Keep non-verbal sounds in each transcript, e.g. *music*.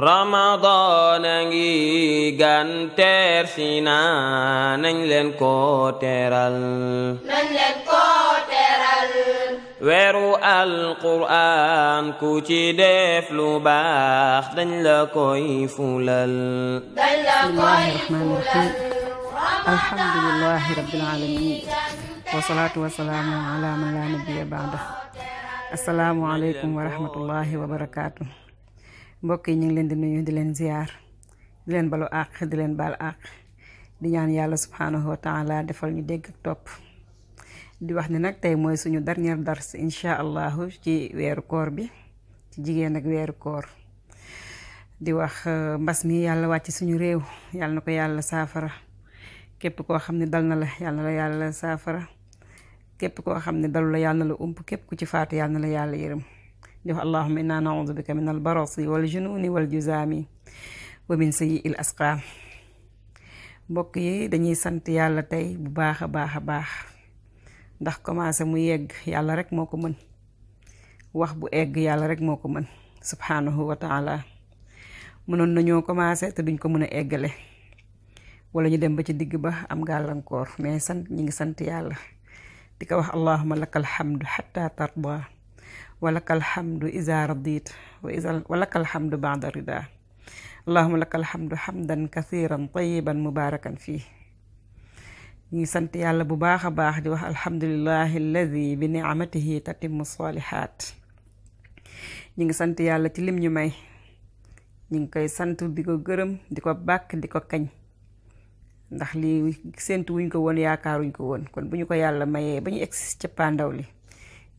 ramadaana ngi gan teer si leen ko teral weeru alquraan ku ci def lu baax dañ la fulal dañ la fulal alhamdulillahi rabbil alamin wa salaatu wa salaamu ala man la nabiyya ba'da assalaamu aleykum wa rahmatullahi wa mbokk yi ñu ngi leen di nuyu di leen ziar di leen balu àq di leen baal àq di ñaan yàlla subhaanahu wa taala defal ñu dégg ak topp di wax ni nag tey mooy suñu dernier dars incha allahu ci weeru koor bi ci jigéen ak weeru koor di wax euh, mbas mi yàlla wàcc suñu réew yàlla na ko yàlla saafara képp koo xam ne dal na la yàlla yàlla saafara képp koo xam ne dalu la yàlla na la ump képp ku ci faatu yàlla na la yàlla yërëm di wax allahuma inna naudu bika min albarasi wal jununi wal juzaami wa min sayyi il asqaam mbokk yi dañuy sant yàlla tey bu baax a baax a baax ndax commencé mu yegg yàlla rek moo ko mën wax bu egg yàlla rek moo ko mën subhanahu wa taala mënoon nañoo commencé te duñ ko mën a eggale wala ñu dem ba ci digg ba am gàllankoor mais sant ñi ngi sant yàlla di ko wax allahuma laka alhamdu xata tarda walaka alhamdu iza radit walaka alhamdu bada rida allahuma laka alhamdu hamdan kathiran tayiban mubarakan fii ngi sant yàlla bu baax a baax di wax alhamdulilahi alladi bi nicmatihi tatimu salihat ñi ngi sant yàlla ci lim ñu may ñi ngi koy sant bi ko gërëm di ko bàkk di ko kañ ndax lii séentu wuñ ko woon yaakaaruñ ko woon kon bu ñu ko yàlla mayee ba ñu egsi ca pàndaw li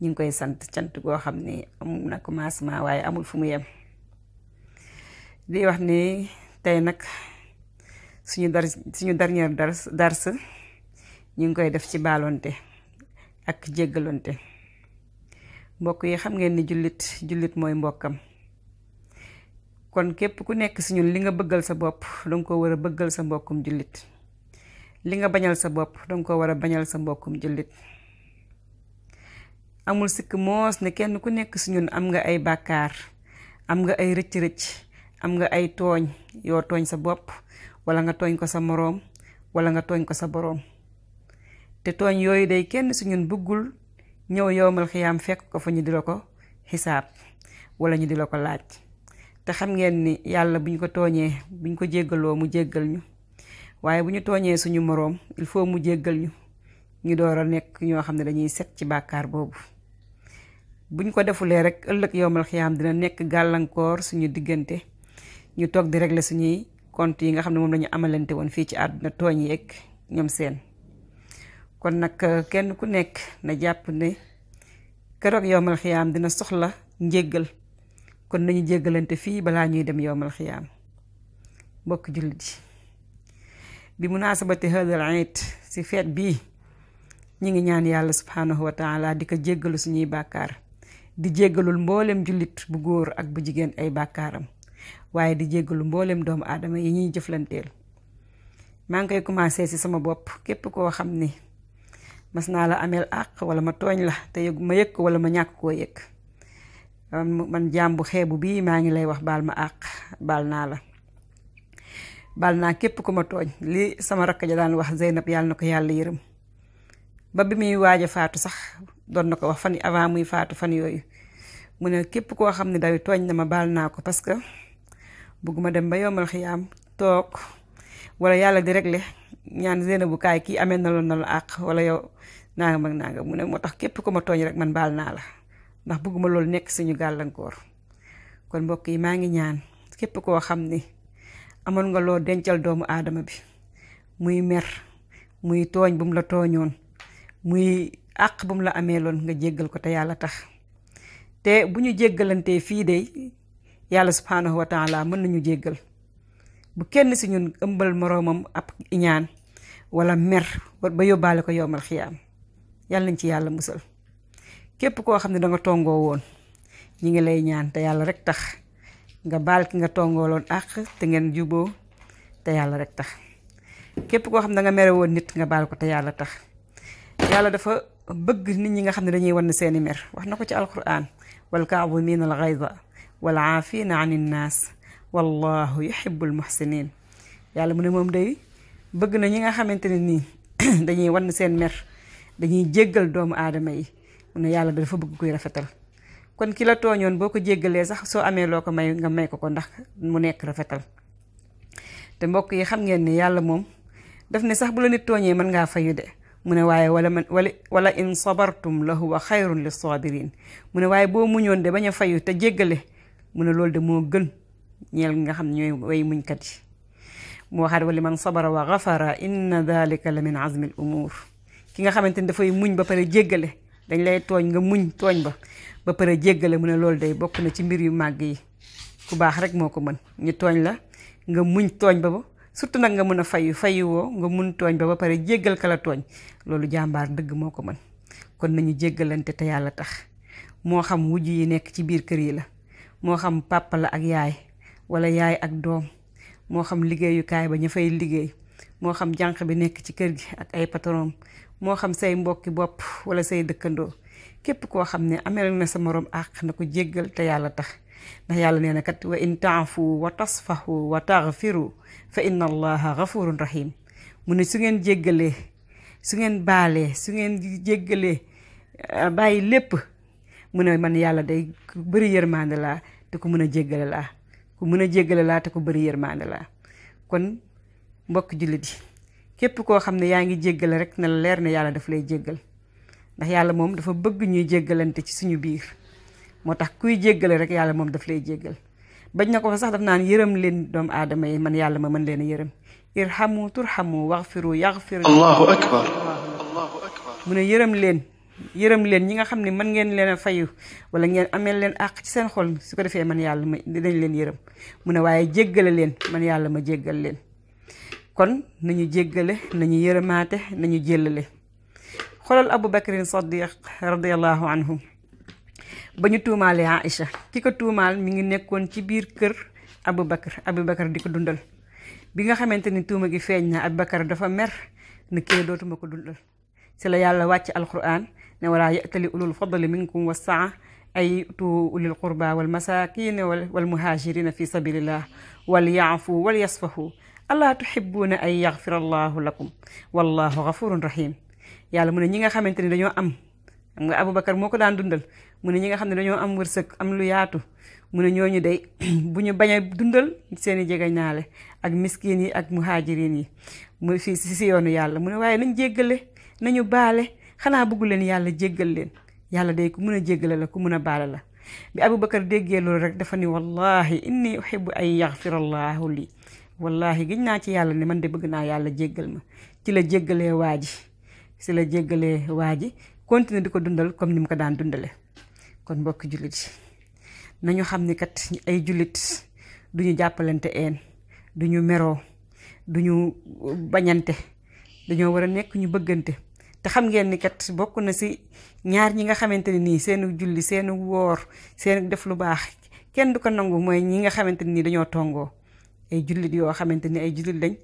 ñu ngi koy sant cant goo xam ne am na commencement waaye amul fu mu yem di wax ni tey nag suñu dar suñu dernier dars dars ñu ngi koy def ci baalonte ak jéggalonte mbokk yi xam ngeen ni jullit jullit mooy mbokkam kon képp ku nekk si li nga bëggal sa bopp danga ko war a bëggal sa mbokkum jullit li nga bañal sa bopp danga ko war a bañal sa mbokkum jullit amul sikk moos ne kenn ku nekk si ñun am nga ay bàkkaar am nga ay rëcc-rëcc am nga ay tooñ yoo tooñ sa bopp wala nga tooñ ko sa moroom wala nga tooñ ko sa boroom te tooñ yooyu day kenn si ñun bëggul ñëw yowmal xiyaam fekk ko fa ñu di la ko xisaab wala ñu di la ko laaj te xam ngeen ni yàlla bu ñu ko tooñee bu ñu ko jéggaloo mu jéggal ñu waaye bu ñu tooñee suñu moroom il faut mu jéggal ñu ñu door a nekk ñoo xam ne dañuy set ci bàkkaar boobu buñ ko defulee rek ëllëg yowmal xiyaam dina nekk gàllankoor suñu diggante ñu toog di régler suñuy compte yi nga xam ne moom lañu amalante woon fii ci àdduna tooñ yeeg ñoom seen kon nag euh, kenn ku nekk na jàpp ne keroog yowmal xiyaam dina soxla njéggal kon nañu jéggalante fii balaa ñuy dem yowmal xiyaam mbokk jullit yi bi munaasabati hadal eid si feet bii ñu ngi ñaan yàlla subhaanahu wa taala di ko jéggalu suñuy bàkkaar di jéggalul mbooleem jullit bu góor ak bu jigéen ay bàkkaaram waaye di jéggalu mbooleem doomu aadama yi ñuy jëflanteel maa ngi koy commencé ci sama bopp képp koo xam ni mas naa la ameel àq wala ma tooñ la te yëg ma yëg ko wala ma ñàkk koo yëg man jaam bu xeebu bii maa ngi lay wax baal ma àq baal naa la baal naa képp ku ma tooñ li sama rakk ja daan wax Zeynab yàlla na ko yàlla yërëm ba bi muy waaj a faatu sax doon na ko wax fan avant muy faatu fan yooyu mu ne képp koo xam ne daw tooñ na ma baal naa ko parce que bëgguma dem ba yombal am toog wala yàlla di régler ñaan zéna kii amee na lool na la àq wala yow nangam ak nangam mu ne moo tax képp ku ma tooñ rek man baal naa la ndax bëgguma loolu nekk suñu gàllankoor kon mbokk yi maa ngi ñaan képp koo xam ni amoon nga loo dencal doomu aadama bi muy mer muy tooñ bu mu la tooñoon muy àq bu mu la amee lool nga jéggal ko te yàlla tax te bu ñu jéggalantee fii de yàlla subhaanahu wa taala mën nañu jéggal bu kenn si ñun ëmbal moroomam ab iñaan wala mer ba yóbbaale ko yowmal am yàlla nañ ci yàlla musal képp koo xam ne danga tongoo woon ñu ngi lay ñaan te yàlla rek tax nga baal ki nga tongooloon àq te ngeen juboo te yàlla rek tax képp koo xam ne danga mere woon nit nga baal ko te yàlla tax yàlla dafa bëgg nit ñi nga xam ne dañuy wan seeni mer wax na ko ci alquran wal kaazimiina al gayda wal aafiina an innaas wallahu yuhibbul muhsinin yàlla mu ne moom day bëgg na ñi nga xamante ne nii *clears throat* dañuy wan seen mer dañuy jéggal doomu aadama yi yàlla dafa bëgg kuy rafetal kon ki la tooñoon boo ko jéggalee sax soo amee loo ko may nga may ko ko ndax mu nekk rafetal mbokk yi xam ngeen ne yàlla moom def ne sax bu la nit tooñee mën ngaa fayu de mu ne waaye wala man wala wala in sabartum la huwa xayrun lis sabirin mu ne waaye boo muñoon de bañ a fayu te jéggale mu ne loolu de moo gën ñeel nga xam ñooy way muñkat yi mu waxaat wali man sabara wa gafara inna dalika la min ki nga xamante ni dafay muñ ba pare jéggale dañ lay tooñ nga muñ tooñ ba ba pare jéggale mu ne loolu day bokk na ci mbir yu màgg yi ku baax rek moo ko mën ñi tooñ la nga muñ tooñ ba ba surtout nag nga mën a fay fayu nga mun tooñ ba ba pare jéggal la tooñ loolu jàmbaar dëgg moo ko mën kon nañu jéggalante te yàlla tax moo xam wujj yi nekk ci biir kër yi la moo xam papa ak yaay wala yaay ak doom moo xam liggéeyukaay ba ña fay liggéey moo xam jànq bi nekk ci kër gi ak ay patron moo xam say mbokki bopp wala say dëkkandoo képp koo xam ne amee la na sa moroom àq na ko jéggal te yàlla tax ndax yàlla nee na kat wa in taafu wa tasfahu wa taxfiru fa inna allaha gafurun rahim mu ne su ngeen jéggalee su ngeen baalee su ngeen jéggalee euh, bàyyi lépp mu ne man yàlla day ku bëri yërmande laa te ku mën a jéggale laa ku mën a jéggale laa te ku bëri yërmande laa kon mbokk jullit yi képp koo xam ne yaa ngi jéggale rek na la leer ne yàlla daf lay jéggal ndax yàlla moom dafa bëgg ñuy jéggalante ci suñu biir moo tax kuy jéggale rek yàlla moom daf lay jéggal bañ na ko fa sax daf naan yërëm leen doomu aadama yi man yàlla ma mën leen a yërëm irhamu turhamu waxfiru yaxfir allahu akbar mu ne yërëm leen yërëm leen ñi nga xam ne mën ngeen leen a fayu wala ngeen ameel leen àq ci seen xol su ko defee man yàlla ma dinañ leen yërëm mu ne waaye jéggale leen man yàlla ma jéggal leen kon nañu jéggale nañu yërëmaate nañu jéllale xoolal abou bacrin sadiq radiallahu anhu ba ñu tuumaalee Aïcha ki ko tuumaal mi ngi nekkoon ci biir kër abu Aboubacar Aboubacar di ko dundal bi nga xamante ni tuuma gi feeñ na Aboubacar dafa mer ne kii dootuma ko dundal si la yàlla wàcc alquran ne walaa yatali ulul fadli minkum wasaa ay tu ulil qurba wal masakin wal muhajirina fi sabilillah wal yaafu wal yasfahu alaa tuhibuuna ay yaxfir allahu lakum wallahu gafurun yàlla mu ne ñi nga xamante ni dañoo am xam nga Aboubacar moo ko daan dundal mu ne ñi nga xam ne dañoo am wërsëg am lu yaatu mu ne ñooñu day *clears throat* bu ñu bañ dundal seen i jegeñaale ak miskin yi ak muhaajirin yi mu fi si yoonu yàlla mu ne waaye nañ jéggale nañu baale xanaa bëggu leen yàlla jéggal leen yàlla day ku mun a jéggale la ku mun a baale la bi Aboubacar déggee loolu rek dafa ni wallahi inni uhibbu an yaxfirallahu lii wallahi giñ naa ci yàlla ne man de bëgg naa yàlla jéggal ma ci la jéggalee waa ji ci la jéggalee waa ji continuer di ko dundal comme ni mu ko daan dundale kon mbokki jullit nañu xam ni kat ay jullit duñu jàppalante een duñu meroo duñu bañante dañoo war a nekk ñu bëggante te xam ngeen ni kat bokk na si ñaar ñi nga xamante ne nii seenu julli seenu woor seenu def lu baax kenn du ko nangu mooy ñi nga xamante ne nii dañoo tongoo ay jullit yoo xamante ni ay jullit lañ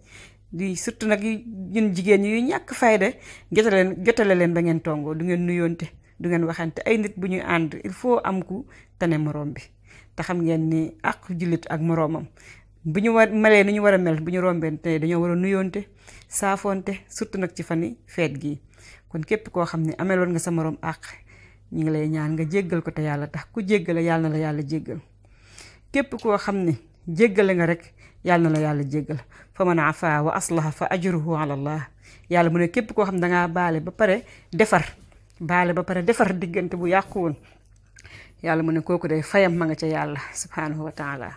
di surtout nag ñun jigéen ñi yu ñàkk fayda jotale leen jotale leen ba tongoo du ngeen nuyoonte du ngeen waxante ay nit bu ñuy ànd il faut am ku tane moroom bi te xam ngeen ni ak jullit ak moroomam bu ñu war malee ni ñu war a mel bu ñu rombante dañoo war a nuyoonte saafoonte surtout nag ci fani feet gii kon képp koo xam ne ameloon nga sa moroom àq ñu ngi lay ñaan nga jéggal ko te yàlla tax ku jéggale yàlla la yàlla jéggal képp koo xam ne jéggale nga rek yàlla na la yàlla jéggal fa man afaa wa aslaha fa ajruhu yàlla mu ne képp koo xam ne dangaa baale ba pare defar baale ba pare defar diggante bu yàqu woon yàlla mu ne kooku de fayam ma nga ca yàlla subhaanahu wa taala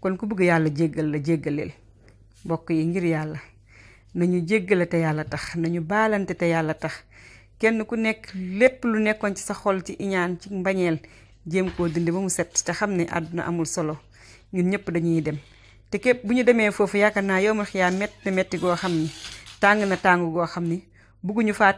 kon ku bëgg yàlla jéggal la jéggaleel mbokk yi ngir yàlla nañu jéggale te yàlla tax nañu baalante te yàlla tax kenn ku nekk lépp lu nekkoon ci sa xol ci iñaan ci mbañeel jéem koo dindi ba mu set te xam ne àdduna amul solo ñun ñëpp dañuy dem te képp bu ñu demee foofu yaakaar naa yow ma xiyaa metti metti goo xam ni tàng na tàng goo xam ni bugguñu faa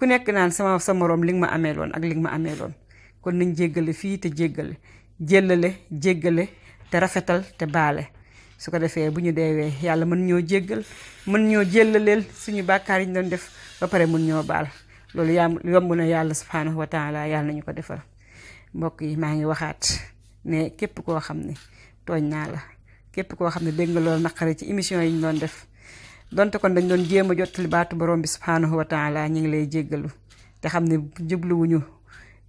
ku nekk naan sama sa moroom li nga ma amee loon ak li nga ma amee loon kon nañ jéggale fii te jéggale jéllale jéggale te rafetal te baale su ko defee bu ñu deewee yàlla mën ñoo jéggal mën ñoo jéllaleel suñu bàkkaar yi ñu doon def ba pare mun ñoo baal loolu yaa yomb na yàlla subhaanahu wa taala yàlla nañu ko defal mbokk yi maa ngi waxaat ne képp koo xam ne tooñ naa la képp koo xam ne dégg nga loolu naqare ci émission yi ñu doon def donte kon dañ doon jéem a jottali baatu borom bi subhaanahu wa taala ñu ngi lay jéggalu te xam ne jubluwuñu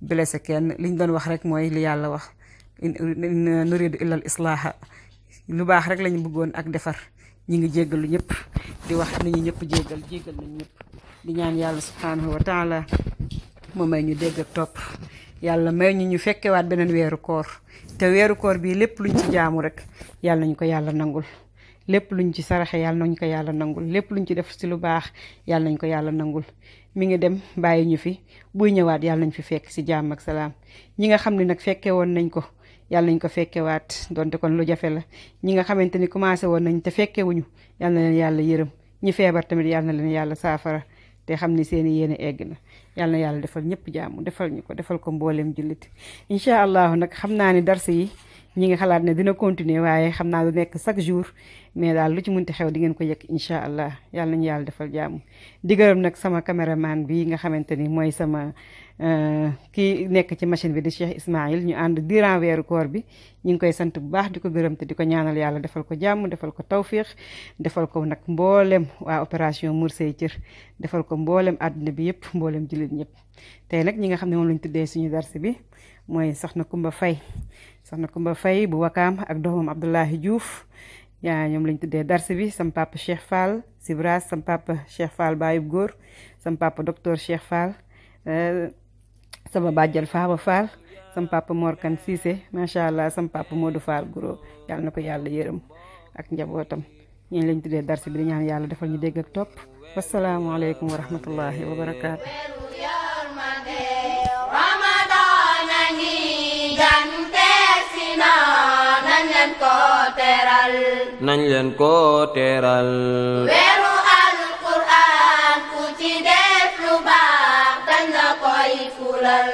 blessé kenn li liñ doon wax rek mooy li yàlla wax in nuridu illal lu baax rek lañu bëggoon ak defar ñi ngi jéggalu ñëpp di wax ñëpp jéggal jéggal nañu ñëpp di ñaan yàlla subhaanahu wa taala moo may ñu dégg ak topp yàlla may ñu ñu fekkewaat beneen weeru koor te weeru koor bii lépp luñ ci jaamu rek yàlla nañu ko yàlla nangul lépp luñ ci saraxe yàlla nañ ko yàlla nangul lépp ñu ci def si lu baax yàlla nañ ko yàlla nangul mu ngi dem bàyyi ñu fi buy ñëwaat yàlla nañ fi fekk si jàmm ak salaam ñi nga xam ni nag fekke woon nañ ko yàlla nañ ko fekkewaat donte kon lu jafe la ñi nga xamante ni commencé woon nañ te fekkewuñu yàlla na leen yàlla yërëm ñi feebar tamit yàlla na leen yàlla saafara te xam ni seeni yéene egg na yàlla yàlla defal ñëpp jàmm defal ñu ko defal ko mbooleem jullit ñi ngi xalaat ne dina continuer waaye xam naa du nekk chaque jour mais daal lu ci munti xew di ngeen ko yëg incha allah yàlla yàlla defal jàmm di nag sama caméraman bi nga xamante ni mooy sama euh, kii nekk ci machine bi di Cheikh Ismaïl ñu ànd durant weeru koor bi ñu ngi koy sant bu baax di ko gërëm te di ko ñaanal yàlla defal ko jàmm defal ko tawfiix defal ko nag mboolem waa opération Mur Say Cër defal ko mboolem àdduna bi yëpp mboolem jullit ñëpp tey nag ñi nga xam ne moom lañ tuddee suñu darsi bi mooy soxna Kumba Fay sa soxna Kumba fay bu Wakaam ak doomam Abdoulahi Diouf yaa ñoom lañ tuddee darse bi sam papa Cheikh Fall Sibras sam papa Cheikh Fall Bayub Góor sam papa docteur Cheikh Fall euh, sama bàjjal Faaba Fall sam papa Mor Kan Cissé macha allah sam papa Modou Fall Guro yàlla na ko yàlla yërëm ak njabootam ñeen lañ tuddee darse bi di ñaan yàlla defal ñu dégg ak topp wasalaamualeykum wa rahmatullahi wa leen ko teral nañ leen ko teral lu baax dañ la koy fulal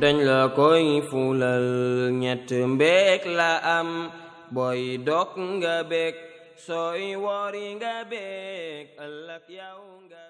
dañ la ñett mbeek la am booy dog nga beek sooy wori nga beek ëllëg yaw nga